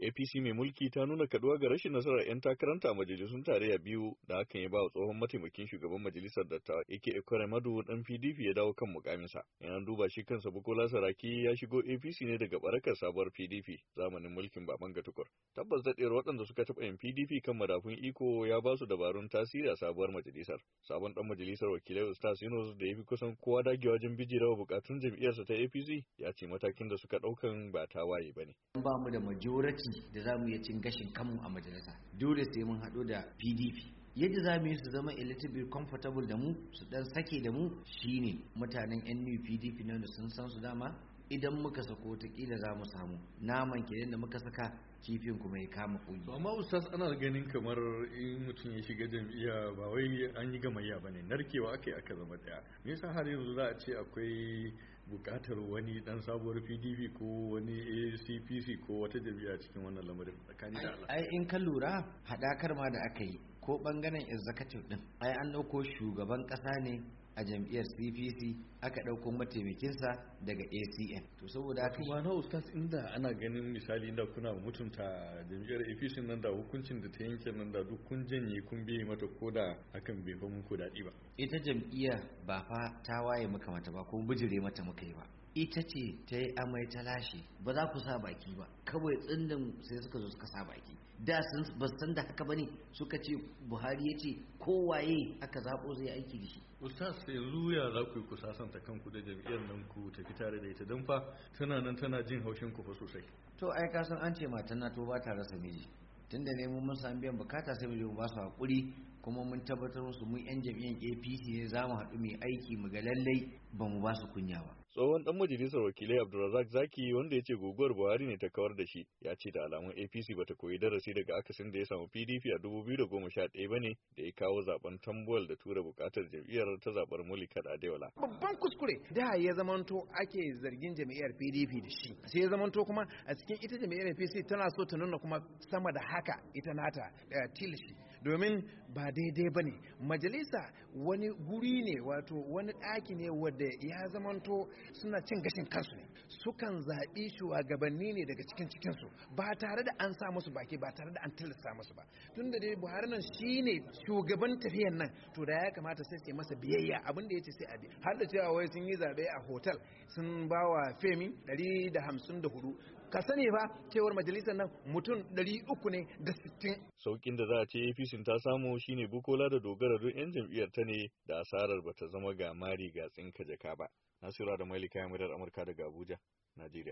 APC mai mulki ta nuna kaduwa ga rashin nasarar 'yan takaranta a majalisun tarayya biyu da hakan ya ba wa tsohon mataimakin shugaban majalisar dattawa Ike Ekwere Madu dan PDP ya dawo kan mukaminsa. Yana duba shi kansa Bukola Saraki ya shigo APC ne daga barakar sabuwar PDP zamanin mulkin Baban Gatukur. Tabbas daɗewar waɗanda suka taɓa yin PDP kan madafun iko ya ba su dabarun tasiri a sabuwar majalisar. Sabon ɗan majalisar wakilai Ustaz Yunus da ya fi kusan kowa dagewa wajen bijirewa bukatun jam'iyyarsa ta APC ya ce matakin da suka ɗaukan ba tawaye ba ne. Ba mu da majority gwamnati da za mu iya cin gashin kanmu a majalisa dole sai mun haɗu da pdp yadda za mu yi su zama a little bit comfortable da mu su dan sake da mu shine mutanen yan new pdp na da sun san su dama idan muka sako kila za mu samu naman kenan da muka saka kifin kuma ya kama kuyi ma ustaz ana ganin kamar in mutum ya shiga jam'iyya ba wai an yi gamayya ne narkewa yi aka zama daya me yasa har yanzu za a ce akwai buƙatar wani dan sabuwar pdp ko wani acpc ko wata jami'a cikin wannan lamarin tsakani da ai in ka lura haɗakar ma da aka yi ko bangaren executive din ai an dauko shugaban kasa ne a jam'iyyar CPC aka dauko mataimakinsa daga ACN to saboda haka kuma na ustaz inda ana ganin misali da kuna mutunta jam'iyyar APC nan da hukuncin da ta yanke nan da duk kun janye kun biye mata koda akan bai fa muku dadi ba ita jam'iyya ba fa ta waye maka mata ba ko bijire mata muka yi ba ita ce ta yi amai ta lashe ba za ku sa baki ba kawai tsindin sai suka zo suka sa baki da sun ba san da haka bane suka ce buhari ya ce kowaye aka zabo zai aiki da shi ustaz yanzu ya za ku yi ku ta kanku da jam'iyyar nan ku tafi tare da ita don fa tana nan tana jin haushin ku fa sosai to ai ka san an ce matan na to ba ta rasa miji tunda ne mun sami biyan bukata sai mu ba su hakuri kuma mun tabbatar musu mun yan jami'an APC ne za mu haɗu mu aiki mu ga lallai ba mu ba su kunya ba Tsohon dan majalisar wakilai Abdulrazak Zaki wanda ya ce guguwar Buhari ne ta kawar da shi ya ce da alamun APC bata koyi darasi daga akasin da ya samu PDP a 2011 bane da ya kawo zaben tambuwal da tura bukatar jam'iyyar ta zabar Mulika da Babban kuskure da ya zamanto ake zargin jam'iyyar PDP da shi. Sai ya zamanto kuma a cikin ita jam'iyyar APC tana so ta nuna kuma sama da haka ita nata da eh, tilishi domin ba daidai ba ne majalisa wani guri ne wato wani ɗaki ne wadda ya zamanto suna cin gashin kansu ne sukan zaɓi shugabanni ne daga cikin cikinsu ba tare da an sa musu baki ba tare da an tilasta musu ba tun da dai buhari nan shi ne shugaban tafiyan nan to da ya kamata sai ce masa biyayya abin da ya ce sai a bi har da cewa wai sun yi zaɓe a hotel sun ba wa femi 154 ka sani ba cewar majalisar nan mutum 300 ne da 60 saukin da za a ce apc APCin ta samu shine Bukola da dogara don 'yan jam'iyyar ta ne da asarar bata zama ga mari ga tsinka jaka ba. Nasira da Malika Yamirar Amurka daga Abuja, Najeriya.